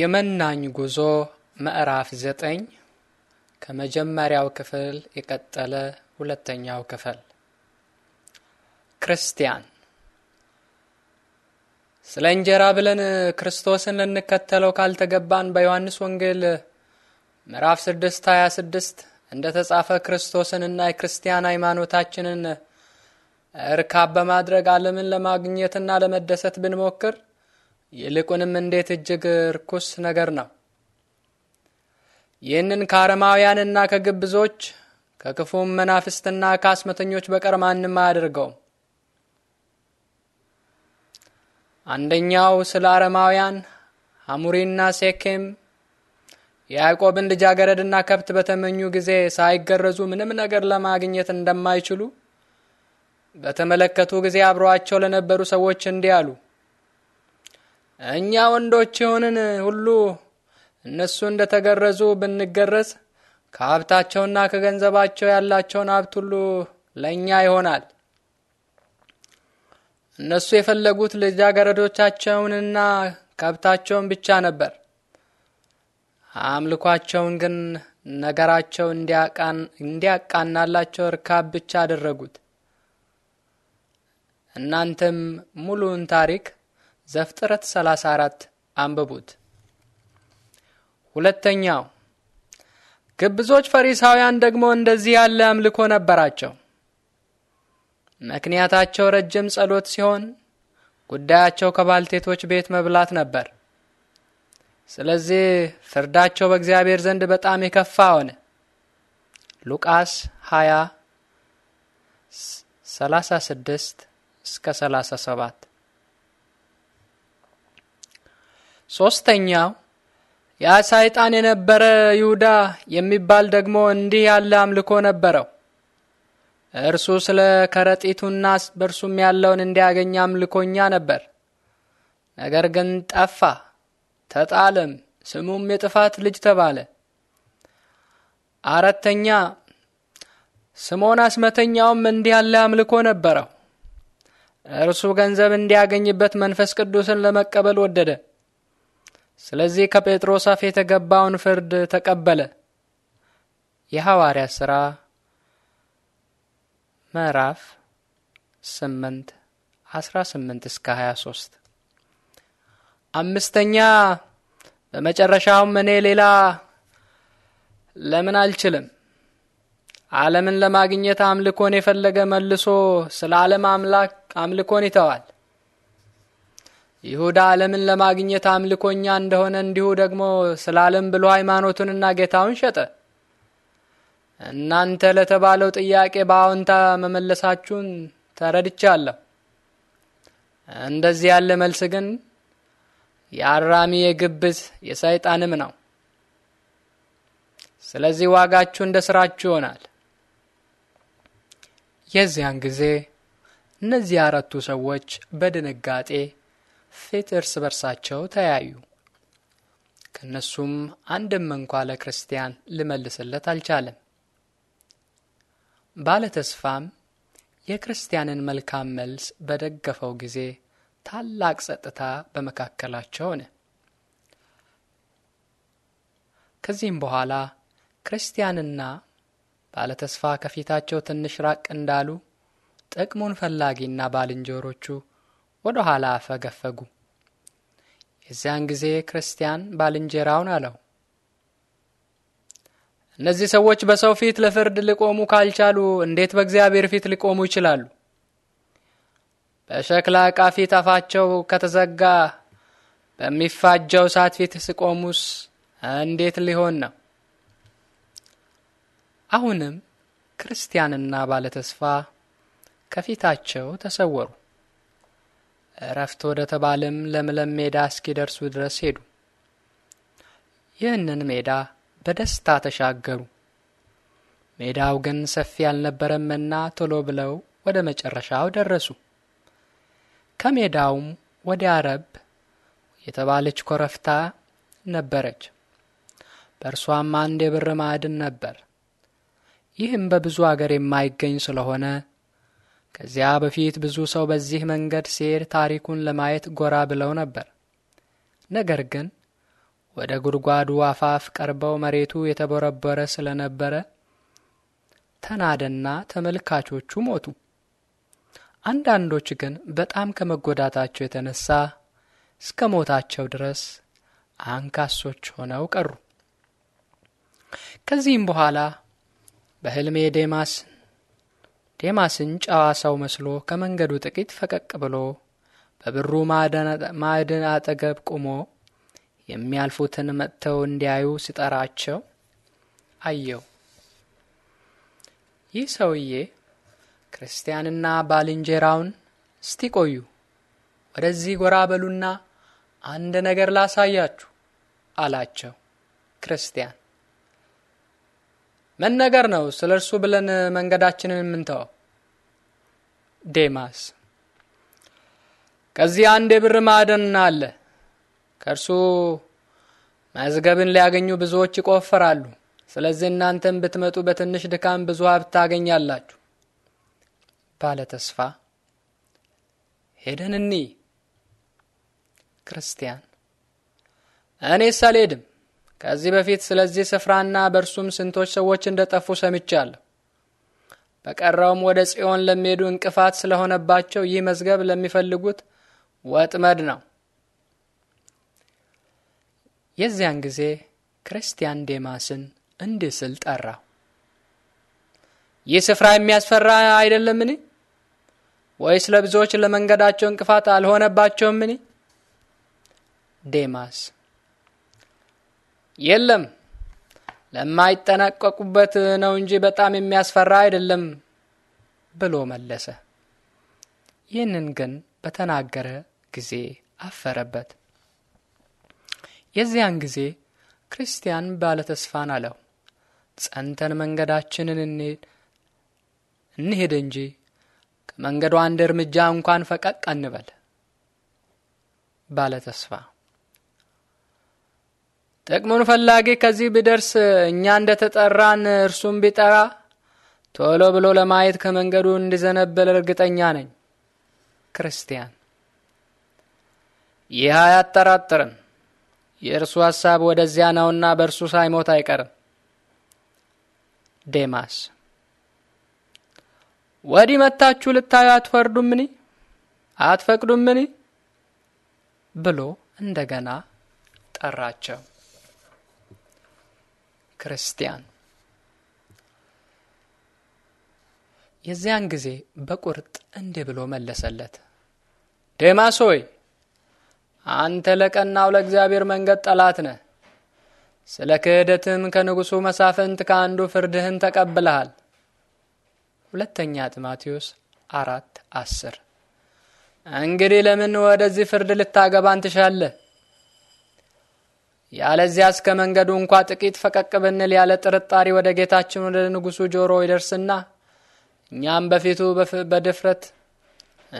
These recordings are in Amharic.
የመናኝ ጉዞ ምዕራፍ ዘጠኝ ከመጀመሪያው ክፍል የቀጠለ ሁለተኛው ክፍል። ክርስቲያን ስለ እንጀራ ብለን ክርስቶስን ልንከተለው ካልተገባን በዮሐንስ ወንጌል ምዕራፍ ስድስት ሀያ ስድስት እንደ ተጻፈ ክርስቶስንና የክርስቲያን ሃይማኖታችንን እርካብ በማድረግ ዓለምን ለማግኘትና ለመደሰት ብንሞክር ይልቁንም እንዴት እጅግ ርኩስ ነገር ነው። ይህንን ከአረማውያንና ከግብዞች ከክፉም መናፍስትና ከአስመተኞች በቀር ማንም አያደርገውም። አንደኛው ስለ አረማውያን ሐሙሪና ሴኬም የያዕቆብን ልጃገረድና ከብት በተመኙ ጊዜ ሳይገረዙ ምንም ነገር ለማግኘት እንደማይችሉ በተመለከቱ ጊዜ አብረዋቸው ለነበሩ ሰዎች እንዲህ አሉ። እኛ ወንዶች የሆንን ሁሉ እነሱ እንደ ተገረዙ ብንገረዝ ከሀብታቸውና ከገንዘባቸው ያላቸውን ሀብት ሁሉ ለእኛ ይሆናል። እነሱ የፈለጉት ልጃገረዶቻቸውንና ከብታቸውን ብቻ ነበር። አምልኳቸውን ግን ነገራቸው እንዲያቃናላቸው እርካብ ብቻ አደረጉት። እናንተም ሙሉውን ታሪክ ዘፍጥረት 34 አንብቡት። ሁለተኛው ግብዞች ፈሪሳውያን ደግሞ እንደዚህ ያለ አምልኮ ነበራቸው። ምክንያታቸው ረጅም ጸሎት ሲሆን ጉዳያቸው ከባልቴቶች ቤት መብላት ነበር። ስለዚህ ፍርዳቸው በእግዚአብሔር ዘንድ በጣም የከፋ ሆነ። ሉቃስ 20 36 እስከ 37 ሶስተኛው ያ ሰይጣን የነበረ ይሁዳ የሚባል ደግሞ እንዲህ ያለ አምልኮ ነበረው። እርሱ ስለ ከረጢቱና በእርሱም ያለውን እንዲያገኝ አምልኮኛ ነበር። ነገር ግን ጠፋ፣ ተጣለም፣ ስሙም የጥፋት ልጅ ተባለ። አራተኛ ስምዖን አስመተኛውም እንዲህ ያለ አምልኮ ነበረው። እርሱ ገንዘብ እንዲያገኝበት መንፈስ ቅዱስን ለመቀበል ወደደ። ስለዚህ ከጴጥሮስ አፍ የተገባውን ፍርድ ተቀበለ። የሐዋርያ ሥራ ምዕራፍ 8 18 እስከ 23። አምስተኛ በመጨረሻውም እኔ ሌላ ለምን አልችልም? ዓለምን ለማግኘት አምልኮን የፈለገ መልሶ ስለ ዓለም አምላክ አምልኮን ይተዋል። ይሁዳ ዓለምን ለማግኘት አምልኮኛ እንደሆነ እንዲሁ ደግሞ ስለ ዓለም ብሎ ሃይማኖቱንና ጌታውን ሸጠ። እናንተ ለተባለው ጥያቄ በአዎንታ መመለሳችሁን ተረድቻለሁ። እንደዚህ ያለ መልስ ግን የአራሚ የግብዝ የሰይጣንም ነው። ስለዚህ ዋጋችሁ እንደ ስራችሁ ይሆናል። የዚያን ጊዜ እነዚህ አራቱ ሰዎች በድንጋጤ ፊት እርስ በርሳቸው ተያዩ። ከእነሱም አንድም እንኳ ለክርስቲያን ልመልስለት አልቻለም። ባለ ተስፋም የክርስቲያንን መልካም መልስ በደገፈው ጊዜ ታላቅ ጸጥታ በመካከላቸው ሆነ። ከዚህም በኋላ ክርስቲያንና ባለተስፋ ከፊታቸው ትንሽ ራቅ እንዳሉ ጥቅሙን ፈላጊና ባልንጀሮቹ ወደ ኋላ ፈገፈጉ። የዚያን ጊዜ ክርስቲያን ባልንጀራውን አለው፣ እነዚህ ሰዎች በሰው ፊት ለፍርድ ሊቆሙ ካልቻሉ እንዴት በእግዚአብሔር ፊት ሊቆሙ ይችላሉ? በሸክላ ዕቃ ፊት አፋቸው ከተዘጋ በሚፋጀው እሳት ፊት ሲቆሙስ እንዴት ሊሆን ነው? አሁንም ክርስቲያንና ባለተስፋ ከፊታቸው ተሰወሩ። እረፍት ወደ ተባለም ለምለም ሜዳ እስኪደርሱ ድረስ ሄዱ። ይህንን ሜዳ በደስታ ተሻገሩ። ሜዳው ግን ሰፊ አልነበረምና ቶሎ ብለው ወደ መጨረሻው ደረሱ። ከሜዳውም ወደ አረብ የተባለች ኮረብታ ነበረች። በእርሷም አንድ የብር ማዕድን ነበር። ይህም በብዙ አገር የማይገኝ ስለሆነ ከዚያ በፊት ብዙ ሰው በዚህ መንገድ ሲሄድ ታሪኩን ለማየት ጎራ ብለው ነበር። ነገር ግን ወደ ጉድጓዱ አፋፍ ቀርበው መሬቱ የተቦረቦረ ስለነበረ ተናደና ተመልካቾቹ ሞቱ። አንዳንዶች ግን በጣም ከመጎዳታቸው የተነሳ እስከ ሞታቸው ድረስ አንካሶች ሆነው ቀሩ። ከዚህም በኋላ በሕልሜ ዴማስ ዴማስን ጨዋ ሰው መስሎ ከመንገዱ ጥቂት ፈቀቅ ብሎ በብሩ ማዕድን አጠገብ ቆሞ የሚያልፉትን መጥተው እንዲያዩ ሲጠራቸው አየው። ይህ ሰውዬ ክርስቲያንና ባልንጀራውን እስቲ ቆዩ ወደዚህ ጎራ በሉና አንድ ነገር ላሳያችሁ አላቸው። ክርስቲያን ምን ነገር ነው። ስለ እርሱ ብለን መንገዳችንን የምንተወው። ዴማስ ከዚህ አንድ የብር ማዕደን አለ። ከእርሱ መዝገብን ሊያገኙ ብዙዎች ይቆፈራሉ። ስለዚህ እናንተም ብትመጡ በትንሽ ድካም ብዙ ሀብት ታገኛላችሁ። ባለ ተስፋ ሄደን እኒ ክርስቲያን እኔ አልሄድም ከዚህ በፊት ስለዚህ ስፍራና በእርሱም ስንቶች ሰዎች እንደጠፉ ሰምቻለሁ። በቀረውም ወደ ጽዮን ለሚሄዱ እንቅፋት ስለሆነባቸው ይህ መዝገብ ለሚፈልጉት ወጥመድ ነው። የዚያን ጊዜ ክርስቲያን ዴማስን እንዲህ ስል ጠራው። ይህ ስፍራ የሚያስፈራ አይደለምን? ወይስ ለብዙዎች ለመንገዳቸው እንቅፋት አልሆነባቸውምን? ዴማስ የለም ለማይጠነቀቁበት ነው እንጂ በጣም የሚያስፈራ አይደለም ብሎ መለሰ። ይህንን ግን በተናገረ ጊዜ አፈረበት። የዚያን ጊዜ ክርስቲያን ባለተስፋን አለው፣ ጸንተን መንገዳችንን እንሄድ እንጂ ከመንገዱ አንድ እርምጃ እንኳን ፈቀቅ አንበል። ባለተስፋ ጥቅሙን ፈላጊ ከዚህ ቢደርስ እኛ እንደ ተጠራን እርሱም ቢጠራ ቶሎ ብሎ ለማየት ከመንገዱ እንዲዘነበል እርግጠኛ ነኝ። ክርስቲያን ይህ አያጠራጥርም። የእርሱ ሐሳብ ወደዚያ ነውና በእርሱ ሳይሞት አይቀርም። ዴማስ ወዲህ መታችሁ ልታዩ አትፈርዱምኒ? አትፈቅዱምኒ? ብሎ እንደገና ጠራቸው። ክርስቲያን የዚያን ጊዜ በቁርጥ እንዲህ ብሎ መለሰለት፣ ዴማስ ሆይ አንተ ለቀናው ለእግዚአብሔር መንገድ ጠላት ነህ። ስለ ክህደትም ከንጉሡ መሳፍንት ከአንዱ ፍርድህን ተቀብለሃል። ሁለተኛ ጢማቴዎስ አራት አስር እንግዲህ ለምን ወደዚህ ፍርድ ልታገባን ትሻለህ? ያለዚያስ ከመንገዱ እንኳ ጥቂት ፈቀቅ ብንል ያለ ጥርጣሬ ወደ ጌታችን ወደ ንጉሡ ጆሮ ይደርስና እኛም በፊቱ በድፍረት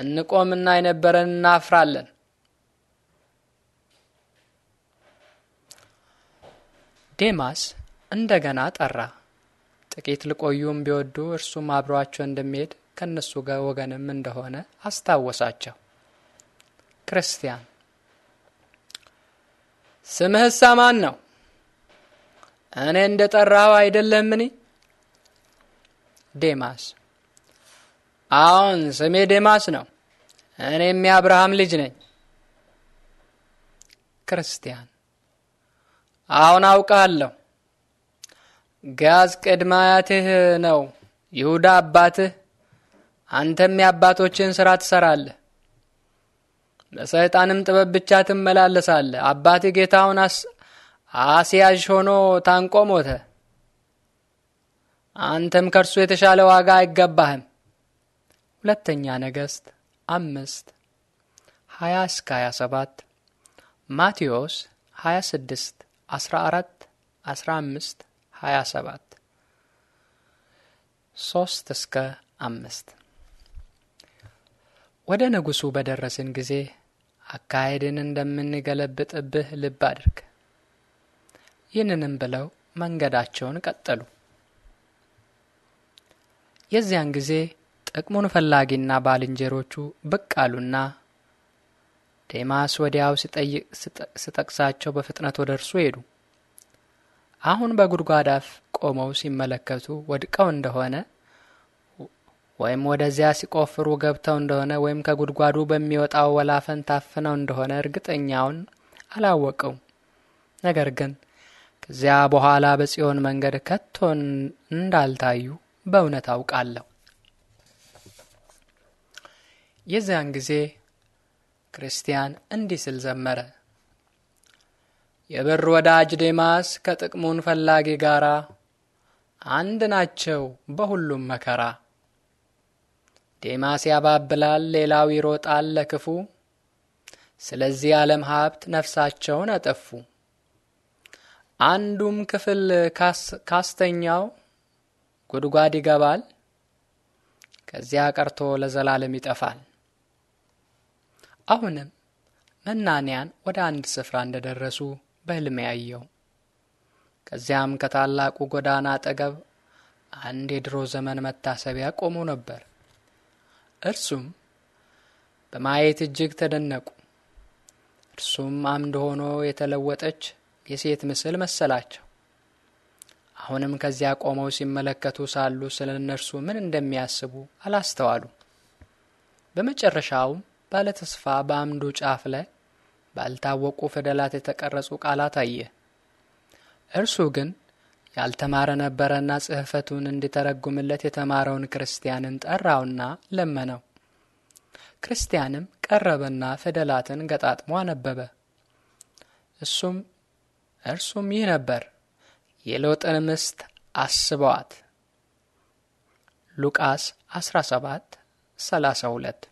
እንቆምና የነበረን እናፍራለን። ዴማስ እንደገና ጠራ። ጥቂት ልቆዩም ቢወዱ እርሱም አብሯቸው እንደሚሄድ ከእነሱ ጋር ወገንም እንደሆነ አስታወሳቸው። ክርስቲያን ስምህሳ ማን ነው? እኔ እንደ ጠራኸው አይደለምን? ዴማስ አሁን ስሜ ዴማስ ነው። እኔም የአብርሃም ልጅ ነኝ። ክርስቲያን አሁን አውቃለሁ። ጋዝ ቅድመ አያትህ ነው፣ ይሁዳ አባትህ። አንተም የአባቶችን ሥራ ትሠራለህ። ለሰይጣንም ጥበብ ብቻ ትመላለሳለ። አባት ጌታውን አስያዥ ሆኖ ታንቆ ሞተ። አንተም ከእርሱ የተሻለ ዋጋ አይገባህም። ሁለተኛ ነገሥት አምስት ሀያ እስከ ሀያ ሰባት ማቴዎስ ሀያ ስድስት አስራ አራት አስራ አምስት ሀያ ሰባት ሶስት እስከ አምስት ወደ ንጉሡ በደረስን ጊዜ አካሄድን እንደምንገለብጥብህ ልብ አድርግ። ይህንንም ብለው መንገዳቸውን ቀጠሉ። የዚያን ጊዜ ጥቅሙን ፈላጊና ባልንጀሮቹ ብቅ አሉና ዴማስ ወዲያው ሲጠቅሳቸው በፍጥነት ወደ እርሱ ሄዱ። አሁን በጉድጓድ አፍ ቆመው ሲመለከቱ ወድቀው እንደሆነ ወይም ወደዚያ ሲቆፍሩ ገብተው እንደሆነ ወይም ከጉድጓዱ በሚወጣው ወላፈን ታፍነው እንደሆነ እርግጠኛውን አላወቀው። ነገር ግን ከዚያ በኋላ በጽዮን መንገድ ከቶ እንዳልታዩ በእውነት አውቃለሁ። የዚያን ጊዜ ክርስቲያን እንዲህ ስል ዘመረ። የብር ወዳጅ ዴማስ ከጥቅሙን ፈላጊ ጋር አንድ ናቸው በሁሉም መከራ ዴማስ ያባብላል፣ ሌላው ይሮጣል ለክፉ። ስለዚህ ዓለም ሀብት ነፍሳቸውን አጠፉ። አንዱም ክፍል ካስተኛው ጉድጓድ ይገባል፣ ከዚያ ቀርቶ ለዘላለም ይጠፋል። አሁንም መናንያን ወደ አንድ ስፍራ እንደደረሱ በሕልሜ ያየው። ከዚያም ከታላቁ ጎዳና አጠገብ አንድ የድሮ ዘመን መታሰቢያ ቆሞ ነበር። እርሱም በማየት እጅግ ተደነቁ። እርሱም አምድ ሆኖ የተለወጠች የሴት ምስል መሰላቸው። አሁንም ከዚያ ቆመው ሲመለከቱ ሳሉ ስለ እነርሱ ምን እንደሚያስቡ አላስተዋሉም። በመጨረሻውም ባለተስፋ በአምዱ ጫፍ ላይ ባልታወቁ ፊደላት የተቀረጹ ቃላት አየ። እርሱ ግን ያልተማረ ነበረና ጽሕፈቱን እንዲተረጉምለት የተማረውን ክርስቲያንን ጠራውና ለመነው። ክርስቲያንም ቀረበና ፊደላትን ገጣጥሞ አነበበ። እሱም እርሱም ይህ ነበር፣ የሎጥን ምስት አስበዋት። ሉቃስ 17 32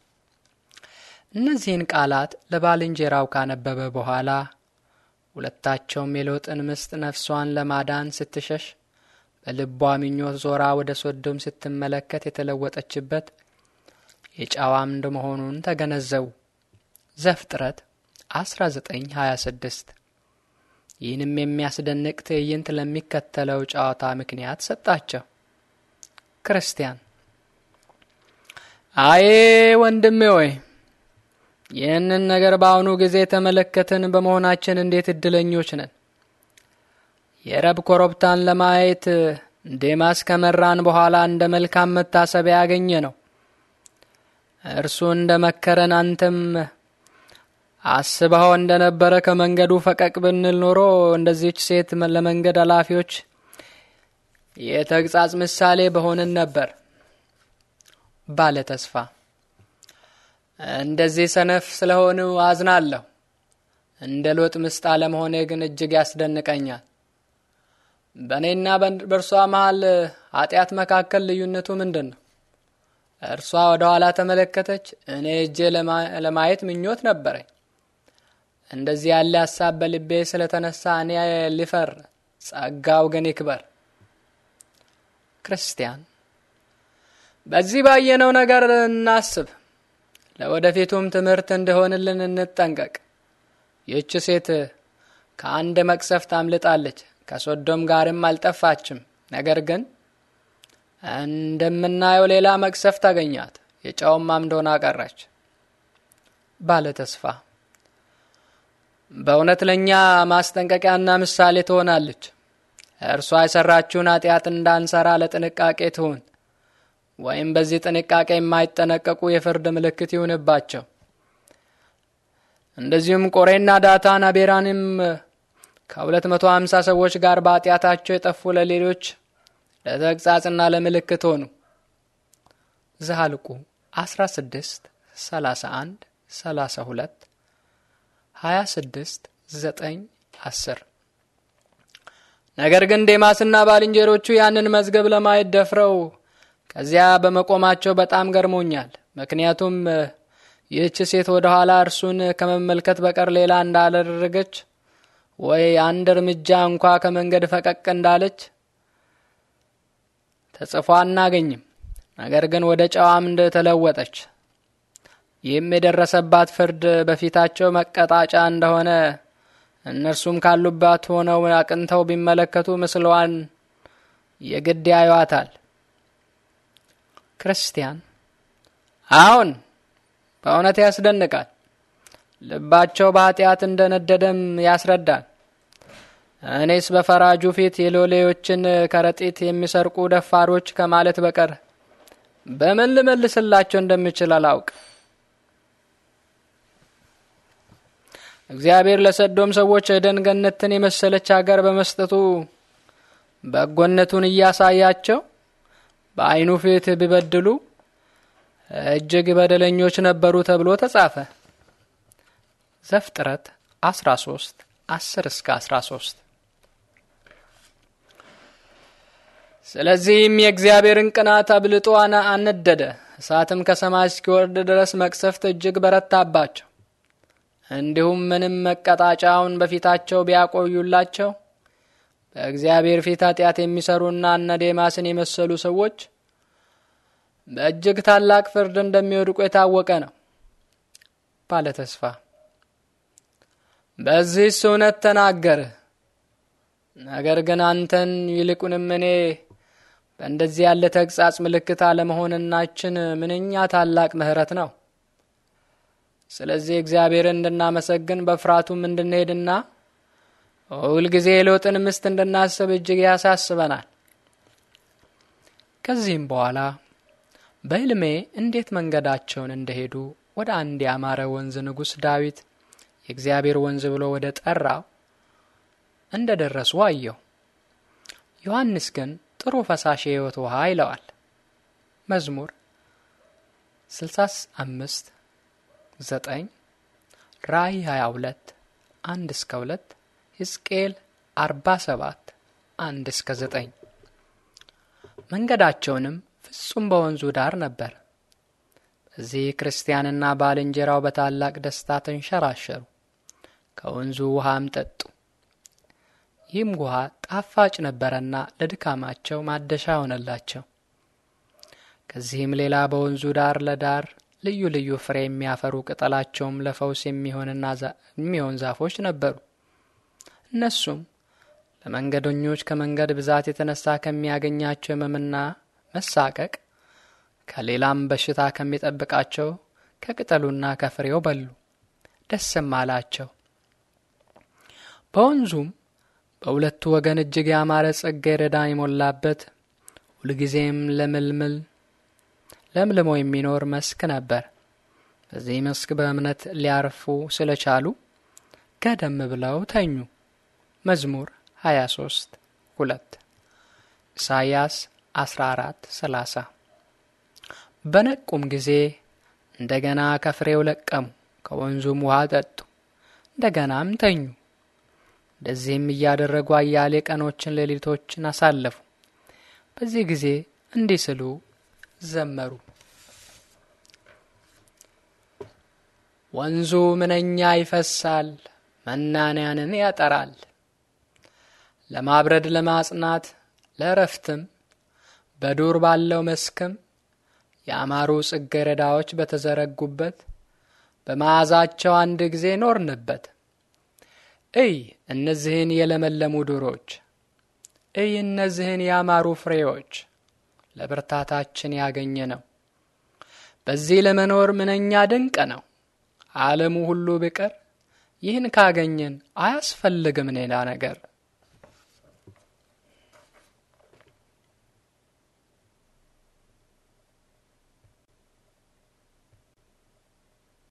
እነዚህን ቃላት ለባልንጀራው ካነበበ በኋላ ሁለታቸውም የሎጥን ምስጥ ነፍሷን ለማዳን ስትሸሽ በልቧ ምኞት ዞራ ወደ ሶዶም ስትመለከት የተለወጠችበት የጨዋ መሆኑን ተገነዘቡ። ዘፍጥረት 1926 ይህንም የሚያስደንቅ ትዕይንት ለሚከተለው ጨዋታ ምክንያት ሰጣቸው። ክርስቲያን አዬ ወንድሜ ወይ ይህንን ነገር በአሁኑ ጊዜ ተመለከትን በመሆናችን እንዴት እድለኞች ነን። የረብ ኮረብታን ለማየት ዴማስ ከመራን በኋላ እንደ መልካም መታሰቢያ ያገኘ ነው። እርሱ እንደ መከረን አንተም አስበኸው እንደ ነበረ ከመንገዱ ፈቀቅ ብንል ኖሮ እንደዚች ሴት ለመንገድ ኃላፊዎች የተግጻጽ ምሳሌ በሆንን ነበር ባለ ተስፋ እንደዚህ ሰነፍ ስለሆኑ አዝናለሁ። እንደ ሎጥ ምስጥ አለመሆኔ ግን እጅግ ያስደንቀኛል። በእኔና በእርሷ መሃል ኃጢአት መካከል ልዩነቱ ምንድን ነው? እርሷ ወደ ኋላ ተመለከተች፣ እኔ እጄ ለማየት ምኞት ነበረኝ። እንደዚህ ያለ ሀሳብ በልቤ ስለተነሳ እኔ ልፈር፣ ጸጋው ግን ይክበር። ክርስቲያን በዚህ ባየነው ነገር እናስብ። ለወደፊቱም ትምህርት እንደሆንልን እንጠንቀቅ። ይህች ሴት ከአንድ መቅሰፍት አምልጣለች፣ ከሶዶም ጋርም አልጠፋችም። ነገር ግን እንደምናየው ሌላ መቅሰፍት አገኛት፣ የጨውም አምዶና ሆና ቀረች። ባለ ተስፋ በእውነት ለእኛ ማስጠንቀቂያና ምሳሌ ትሆናለች። እርሷ የሰራችውን ኃጢአት እንዳንሰራ ለጥንቃቄ ትሁን። ወይም በዚህ ጥንቃቄ የማይጠነቀቁ የፍርድ ምልክት ይሁንባቸው። እንደዚሁም ቆሬና ዳታን አቤራንም ከ250 ሰዎች ጋር በኃጢአታቸው የጠፉ ለሌሎች ለተግጻጽና ለምልክት ሆኑ። ዘኍልቍ 16 31 32 26 9 10 ነገር ግን ዴማስና ባልንጀሮቹ ያንን መዝገብ ለማየት ደፍረው ከዚያ በመቆማቸው በጣም ገርሞኛል። ምክንያቱም ይህች ሴት ወደ ኋላ እርሱን ከመመልከት በቀር ሌላ እንዳላደረገች ወይ አንድ እርምጃ እንኳ ከመንገድ ፈቀቅ እንዳለች ተጽፎ አናገኝም። ነገር ግን ወደ ጨዋም እንደተለወጠች ይህም የደረሰባት ፍርድ በፊታቸው መቀጣጫ እንደሆነ እነርሱም ካሉባት ሆነው አቅንተው ቢመለከቱ ምስሏን የግድ ያዩዋታል። ክርስቲያን አሁን በእውነት ያስደንቃል። ልባቸው በኃጢአት እንደ ነደደም ያስረዳል። እኔስ በፈራጁ ፊት የሎሌዎችን ከረጢት የሚሰርቁ ደፋሮች ከማለት በቀር በምን ልመልስላቸው እንደምችል አላውቅ። እግዚአብሔር ለሰዶም ሰዎች ደንገነትን ገነትን የመሰለች አገር በመስጠቱ በጎነቱን እያሳያቸው በዓይኑ ፊት ቢበድሉ እጅግ በደለኞች ነበሩ ተብሎ ተጻፈ። ዘፍጥረት 13 10 እስከ 13 ስለዚህም የእግዚአብሔርን ቅናት አብልጦ አነደደ፣ እሳትም ከሰማይ እስኪወርድ ድረስ መቅሰፍት እጅግ በረታባቸው። እንዲሁም ምንም መቀጣጫውን በፊታቸው ቢያቆዩላቸው በእግዚአብሔር ፊት ኃጢአት የሚሰሩና እነ ዴማስን የመሰሉ ሰዎች በእጅግ ታላቅ ፍርድ እንደሚወድቁ የታወቀ ነው። ባለ ተስፋ በዚህስ እውነት ተናገር ነገር ግን አንተን ይልቁንም እኔ በእንደዚህ ያለ ተግጻጽ ምልክት አለመሆንናችን ምንኛ ታላቅ ምሕረት ነው። ስለዚህ እግዚአብሔርን እንድናመሰግን በፍርሃቱም እንድንሄድና ሁልጊዜ የሎጥን ምስት እንድናስብ እጅግ ያሳስበናል። ከዚህም በኋላ በሕልሜ እንዴት መንገዳቸውን እንደሄዱ ወደ አንድ ያማረ ወንዝ ንጉሥ ዳዊት የእግዚአብሔር ወንዝ ብሎ ወደ ጠራው እንደ ደረሱ አየሁ። ዮሐንስ ግን ጥሩ ፈሳሽ የሕይወት ውሃ ይለዋል። መዝሙር 65 9 ራእይ 22 1 እስከ 2 ሕዝቅኤል 47 1 እስከ 9። መንገዳቸውንም ፍጹም በወንዙ ዳር ነበር። በዚህ ክርስቲያንና ባልንጀራው በታላቅ ደስታ ተንሸራሸሩ፣ ከወንዙ ውሃም ጠጡ። ይህም ውሃ ጣፋጭ ነበረና ለድካማቸው ማደሻ ሆነላቸው። ከዚህም ሌላ በወንዙ ዳር ለዳር ልዩ ልዩ ፍሬ የሚያፈሩ ቅጠላቸውም ለፈውስ የሚሆንና የሚሆን ዛፎች ነበሩ። እነሱም ለመንገደኞች ከመንገድ ብዛት የተነሳ ከሚያገኛቸው ህመምና መሳቀቅ ከሌላም በሽታ ከሚጠብቃቸው ከቅጠሉና ከፍሬው በሉ፣ ደስም አላቸው። በወንዙም በሁለቱ ወገን እጅግ ያማረ ይረዳ የሞላበት ሁልጊዜም ለምልምል ለምልሞ የሚኖር መስክ ነበር። በዚህ መስክ በእምነት ሊያርፉ ስለቻሉ ገደም ብለው ተኙ። መዝሙር 23 2 ኢሳይያስ 14 30 በነቁም ጊዜ እንደገና ከፍሬው ለቀሙ፣ ከወንዙም ውሃ ጠጡ፣ እንደገናም ተኙ። እንደዚህም እያደረጉ አያሌ ቀኖችን ሌሊቶችን አሳለፉ። በዚህ ጊዜ እንዲህ ስሉ ዘመሩ። ወንዙ ምንኛ ይፈሳል፣ መናንያንን ያጠራል። ለማብረድ ለማጽናት ለእረፍትም በዱር ባለው መስክም ያማሩ ጽጌረዳዎች በተዘረጉበት በመዓዛቸው አንድ ጊዜ ኖርንበት። እይ እነዚህን የለመለሙ ዱሮች፣ እይ እነዚህን ያማሩ ፍሬዎች ለብርታታችን ያገኘ ነው። በዚህ ለመኖር ምንኛ ድንቅ ነው። ዓለሙ ሁሉ ቢቀር ይህን ካገኘን አያስፈልግም ሌላ ነገር።